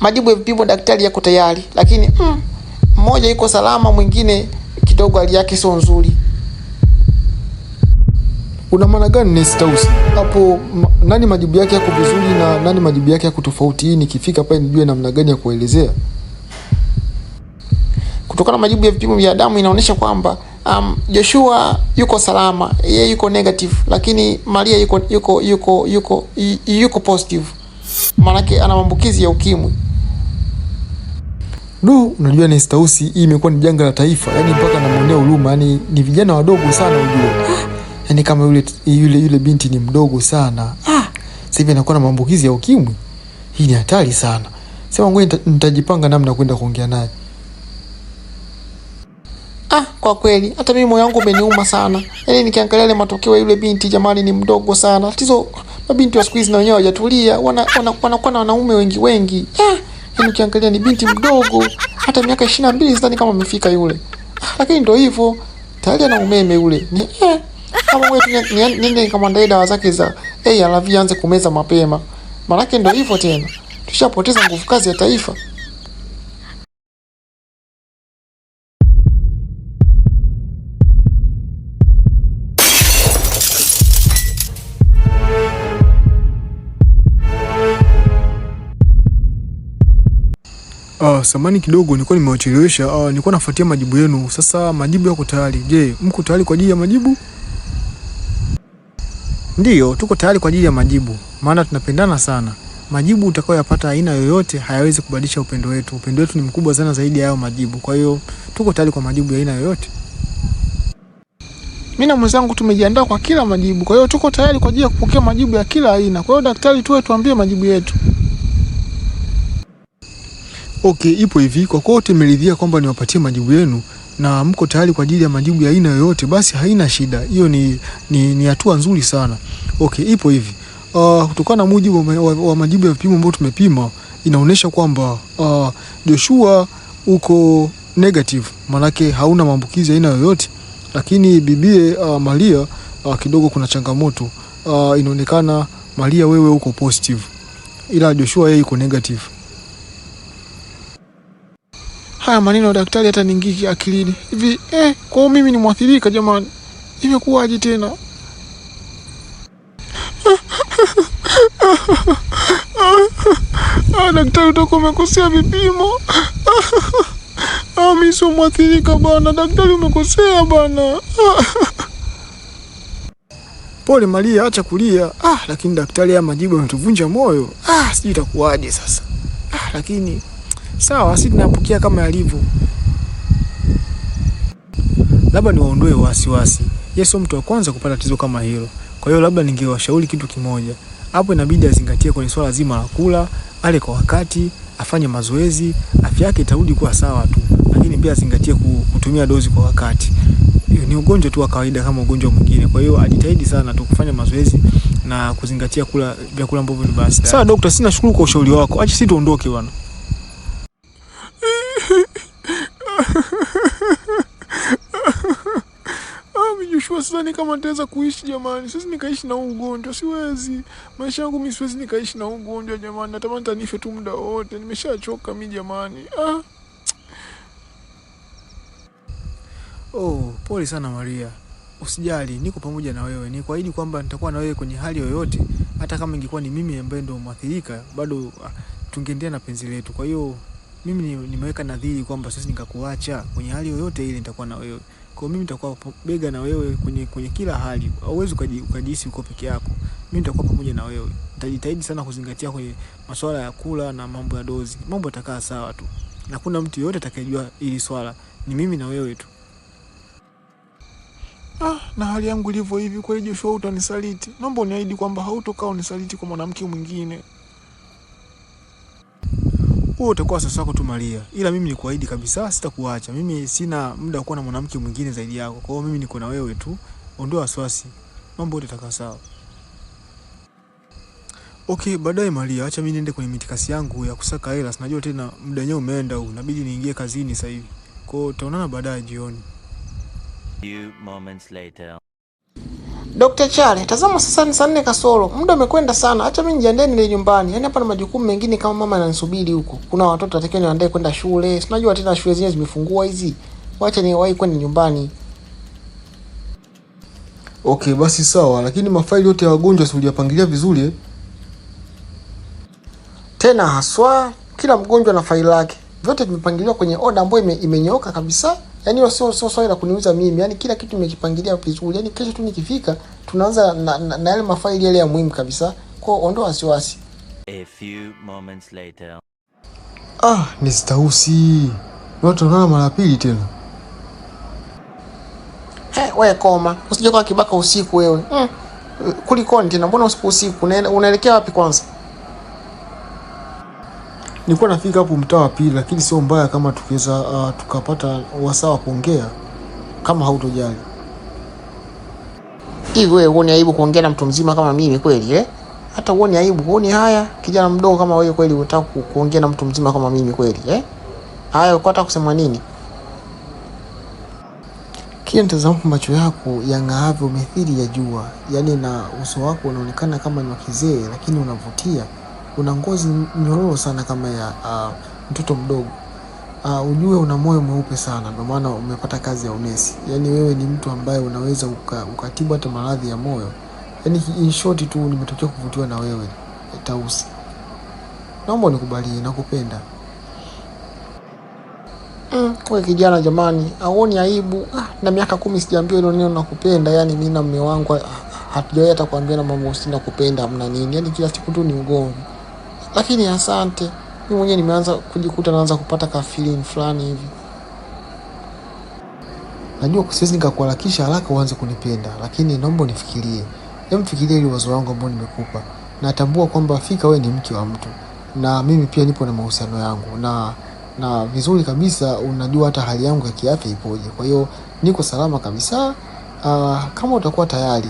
majibu ya vipimo daktari yako tayari, lakini mm, mmoja iko salama, mwingine kidogo hali yake sio nzuri. Una maana gani Nestausi? Hapo nani majibu yake yako vizuri na nani majibu yake yako tofauti? Hii nikifika pale nijue namna gani ya kuelezea. Kutokana na majibu ya vipimo vya damu inaonyesha kwamba um, Joshua yuko salama, yeye yuko negative, lakini Maria yuko yuko yuko yuko yuko positive. Maana ana maambukizi ya ukimwi. Du, unajua ni stausi hii imekuwa ni janga la taifa, yaani mpaka namwonea huruma, yaani ni vijana wadogo sana unajua. Yaani kama yule yule yule binti ni mdogo sana. Ah, sasa hivi anakuwa na maambukizi ya ukimwi. Hii ni hatari sana. Sema ngoja nitajipanga namna kwenda kuongea naye. Ah, kwa kweli hata mimi moyo wangu umeniuma sana. Yaani nikiangalia ile matokeo ya yule binti jamani, ni mdogo sana. Tatizo mabinti wa siku hizi na wenyewe hawajatulia, wana, wanakuwa na wanaume wengi wengi. Ah. Yaani ukiangalia ni binti mdogo, hata miaka ishirini na mbili sidhani kama amefika yule, lakini ndio hivyo tayari ana umeme yule. Ni eh, kama wewe nende nikamwandalia dawa zake za ARV anze kumeza mapema, maanake ndio hivyo tena, tushapoteza nguvu kazi ya taifa. Ah, samani kidogo nilikuwa nimewachelewesha. Ah, nilikuwa nafuatia majibu yenu. Sasa majibu yako tayari. Je, mko tayari kwa ajili ya majibu? Ndiyo, tuko tayari kwa ajili ya majibu, maana tunapendana sana. Majibu utakayoyapata aina yoyote hayawezi kubadilisha upendo wetu. Upendo wetu ni mkubwa sana zaidi ya hayo majibu. Kwa hiyo tuko tayari kwa majibu ya aina yoyote. Mimi na mwenzangu tumejiandaa kwa kila majibu, kwa hiyo tuko tayari kwa ajili ya kupokea majibu ya kila aina. Kwa hiyo daktari, tuwe tuambie majibu yetu. Okay, ipo hivi. Kwa kuwa wote mmeridhia kwamba niwapatie majibu yenu na mko tayari kwa ajili ya majibu ya aina yoyote, basi haina shida. Hiyo ni, ni, ni hatua nzuri sana. Okay, ipo hivi. Uh, kutokana na mujibu wa, majibu ya vipimo ambayo tumepima inaonyesha kwamba uh, Joshua uko negative, maanake hauna maambukizi aina yoyote, lakini bibie uh, Maria uh, kidogo kuna changamoto uh, inaonekana Maria wewe uko positive, ila Joshua yeye uko negative. Haya maneno ya daktari hata ningiki akilini hivi eh, kwao mimi ni mwathirika jamani, imekuwaje tena? Ah, daktari utakuwa umekosea vipimo. Ah, mimi sio mwathirika bana, daktari umekosea bana. Pole Maria, acha kulia. Ah, lakini daktari, haya majibu yanatuvunja moyo. Ah, sijui itakuwaje sasa. Ah, lakini sawa, si tunapokea kama yalivyo. Labda niwaondoe wasiwasi. Yesu mtu wa kwanza kupata tatizo kama hilo, kwa hiyo labda ningewashauri kitu kimoja hapo. Inabidi azingatie kwenye swala zima la kula, ale kwa wakati, afanye mazoezi, afya yake itarudi kuwa sawa tu, lakini pia azingatie kutumia dozi kwa wakati. Ni ugonjwa tu wa kawaida kama ugonjwa mwingine, kwa hiyo ajitahidi sana tu kufanya mazoezi na kuzingatia kula vyakula ambavyo ni basi. Sawa daktari, sina shukuru kwa ushauri wako, acha sisi tuondoke bwana. nikiwa sidhani kama nitaweza kuishi jamani, siwezi nikaishi na huu ugonjwa, siwezi. Maisha yangu mimi siwezi nikaishi na huu ugonjwa jamani, natamani tanife tu muda wote, nimeshachoka mimi jamani. Ah. Oh, pole sana Maria. Usijali, niko pamoja na wewe. ni kwaidi kwamba nitakuwa na wewe kwenye hali yoyote, hata kama ingekuwa ni mimi ambaye ndo mwathirika, bado ah, tungeendelea na penzi letu. Kwa hiyo mimi nimeweka nadhiri kwamba sasa nikakuacha kwenye hali yoyote ile, nitakuwa na wewe. Kwa mimi nitakuwa bega na wewe kwenye, kwenye kila hali. auwezi ukajihisi uko peke yako, mimi nitakuwa pamoja na wewe. Nitajitahidi sana kuzingatia kwenye masuala ya kula na mambo ya dozi, mambo yatakaa sawa tu, na kuna mtu yoyote atakayejua hili swala, ni mimi na wewe tu. Ah, na hali yangu ilivyo hivi kweli, Joshua, utanisaliti? Naomba uniahidi kwamba hautokaa unisaliti kwa mwanamke mwingine huko utakuwa sasa wako tu Maria, ila mimi nikuahidi kabisa sitakuacha. Mimi sina muda wa kuwa na mwanamke mwingine zaidi yako, kwa hiyo mimi niko na wewe tu, ondoa wasiwasi, mambo yote yatakaa sawa. Okay, baadaye Maria, acha mimi niende kwenye mitikasi yangu ya kusaka hela. Sinajua tena muda wenyewe umeenda huu. Inabidi niingie kazini sasa hivi. Kwa hiyo tutaonana baadaye jioni. Few moments later. Dr. Chale, tazama sasa ni saa nne kasoro. Muda umekwenda sana. Acha mimi nijiandae nile nyumbani. Yaani hapa na majukumu mengine kama mama ananisubiri huko. Kuna watoto natakiwa niandae kwenda shule. Sinajua tena shule zenyewe zimefungua hizi. Wacha niwahi kwenda nyumbani. Okay, basi sawa, lakini mafaili yote ya wagonjwa si uliyapangilia vizuri eh? Tena haswa kila mgonjwa na faili lake vyote vimepangiliwa kwenye oda ambayo ime, imenyooka kabisa. Yani hiyo sio sio swali la kuniuza mimi, yani kila kitu nimekipangilia vizuri. Yani kesho tu nikifika, tunaanza na, na, na yale mafaili yale ya muhimu kabisa, kwa ondoa wasiwasi. A few moments later. Ah, ni stausi watu wanaona mara pili tena. He, wewe koma, usije kwa kibaka usiku wewe. Mm. Kulikoni tena, mbona usiku usiku unaelekea wapi kwanza? Nilikuwa nafika hapo mtaa wa pili, lakini sio mbaya kama tukiweza uh, tukapata wasaa wa kuongea kama hautojali. Hivi wewe huoni aibu kuongea na mtu mzima kama mimi kweli eh? Hata huoni aibu, huoni haya? Kijana mdogo kama wewe kweli unataka kuongea na mtu mzima kama mimi kweli eh? Haya, uko hata kusema nini? Kila nitazama macho yako yang'aavyo mithili ya jua, yaani na uso wako unaonekana kama ni wa kizee, lakini unavutia una ngozi nyororo sana kama ya uh, mtoto mdogo uh, ujue una moyo mweupe sana, ndio maana umepata kazi ya unesi. Yaani wewe ni mtu ambaye unaweza uka, ukatibu hata maradhi ya moyo. Yaani in short tu nimetokea kuvutiwa na wewe Tausi, naomba nikubalie, nakupenda. Mm, we kijana jamani, auoni aibu? Ah, na miaka kumi sijaambiwa hilo neno nakupenda. Yani mimi na mume wangu ah, hatujawahi hata na mama si nakupenda, hamna nini, yani kila siku tu ni ugomvi lakini asante, mimi mwenyewe nimeanza kujikuta naanza kupata ka feeling fulani hivi. Najua siwezi nikakuharakisha haraka uanze kunipenda, lakini naomba unifikirie. Hebu fikiria ile wazo wangu ambao nimekupa. Natambua kwamba Fika wewe ni mke wa mtu na mimi pia nipo na mahusiano yangu na na vizuri kabisa, unajua hata hali yangu ya kiafya ipoje. Kwa hiyo niko salama kabisa. Uh, kama utakuwa tayari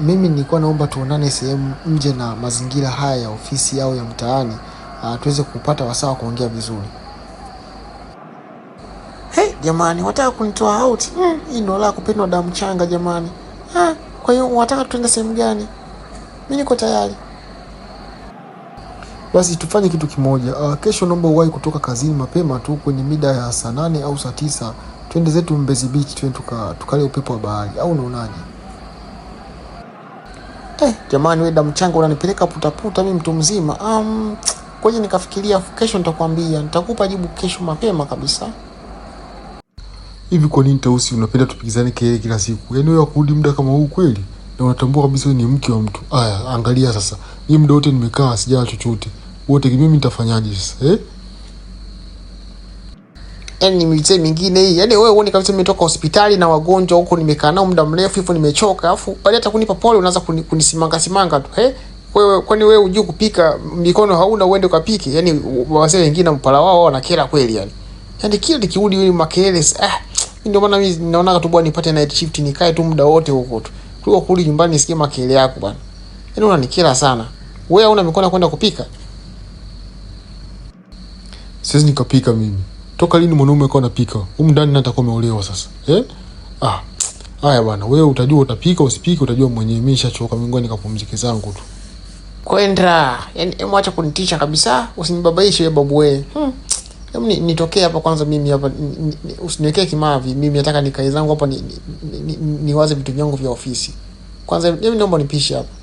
mimi nilikuwa naomba tuonane sehemu nje na mazingira haya ya ofisi au ya mtaani, uh, tuweze kupata wasaa kuongea vizuri. Hey, jamani wataka kunitoa out? Mm, hii ndio la kupendwa damu changa jamani. Ha, kwa hiyo wataka tuende sehemu gani? Mimi niko tayari. Basi tufanye kitu kimoja. Uh, kesho naomba uwahi kutoka kazini mapema tu kwenye mida ya saa nane au saa tisa, twende zetu Mbezi Beach, twende tukale tuka upepo wa bahari, au unaonaje? Eh, jamani wewe damu changa unanipeleka putaputa mimi mtu mzima. Um, kwaje nikafikiria kesho nitakwambia. Nitakupa jibu kesho mapema kabisa. Hivi kwa nini Tausi unapenda tupigizane kelele kila siku? Yaani wewe kurudi muda kama huu kweli? Na unatambua kabisa ni mke wa mtu. Aya, angalia sasa. Mimi muda wote nimekaa sijala chochote. Wote mimi nitafanyaje sasa? Eh? yani ni mizee mingine hii, yani wewe uone kabisa nimetoka hospitali na wagonjwa huko, nimekaa nao muda mrefu hivyo, nimechoka, afu baada yaani hata kunipa pole unaanza kunisimanga simanga tu eh wewe kwani wewe unajua kupika mikono hauna uende ukapike? Yani wazee wengine mpala wao wanakera kweli yani. Yani kila nikirudi wewe makelele ah, ndio maana mimi naona tu bwana, nipate night shift nikae tu muda wote huko tu. Tu kurudi nyumbani nisikie makelele yako bwana. Yani unanikera sana. Wewe hauna mikono ya kwenda kupika? Siwezi nikapika mimi. Toka lini mwanaume akawa anapika? Huko ndani na atakuwa ameolewa sasa. Eh? Ah. Haya bwana, wewe utajua utapika usipike utajua mwenyewe. Mimi nishachoka, mimi nikapumzike zangu tu. Kwenda. yani hebu acha kunitisha kabisa, usinibabaishe wewe babu wewe. Hmm. Hebu nitokee hapa kwanza mimi hapa usiniwekee kimavi. Mimi nataka nikae zangu hapa ni, ni, ni, ni, niwaze vitu vyangu vya ofisi. Kwanza hebu naomba nipishe hapa.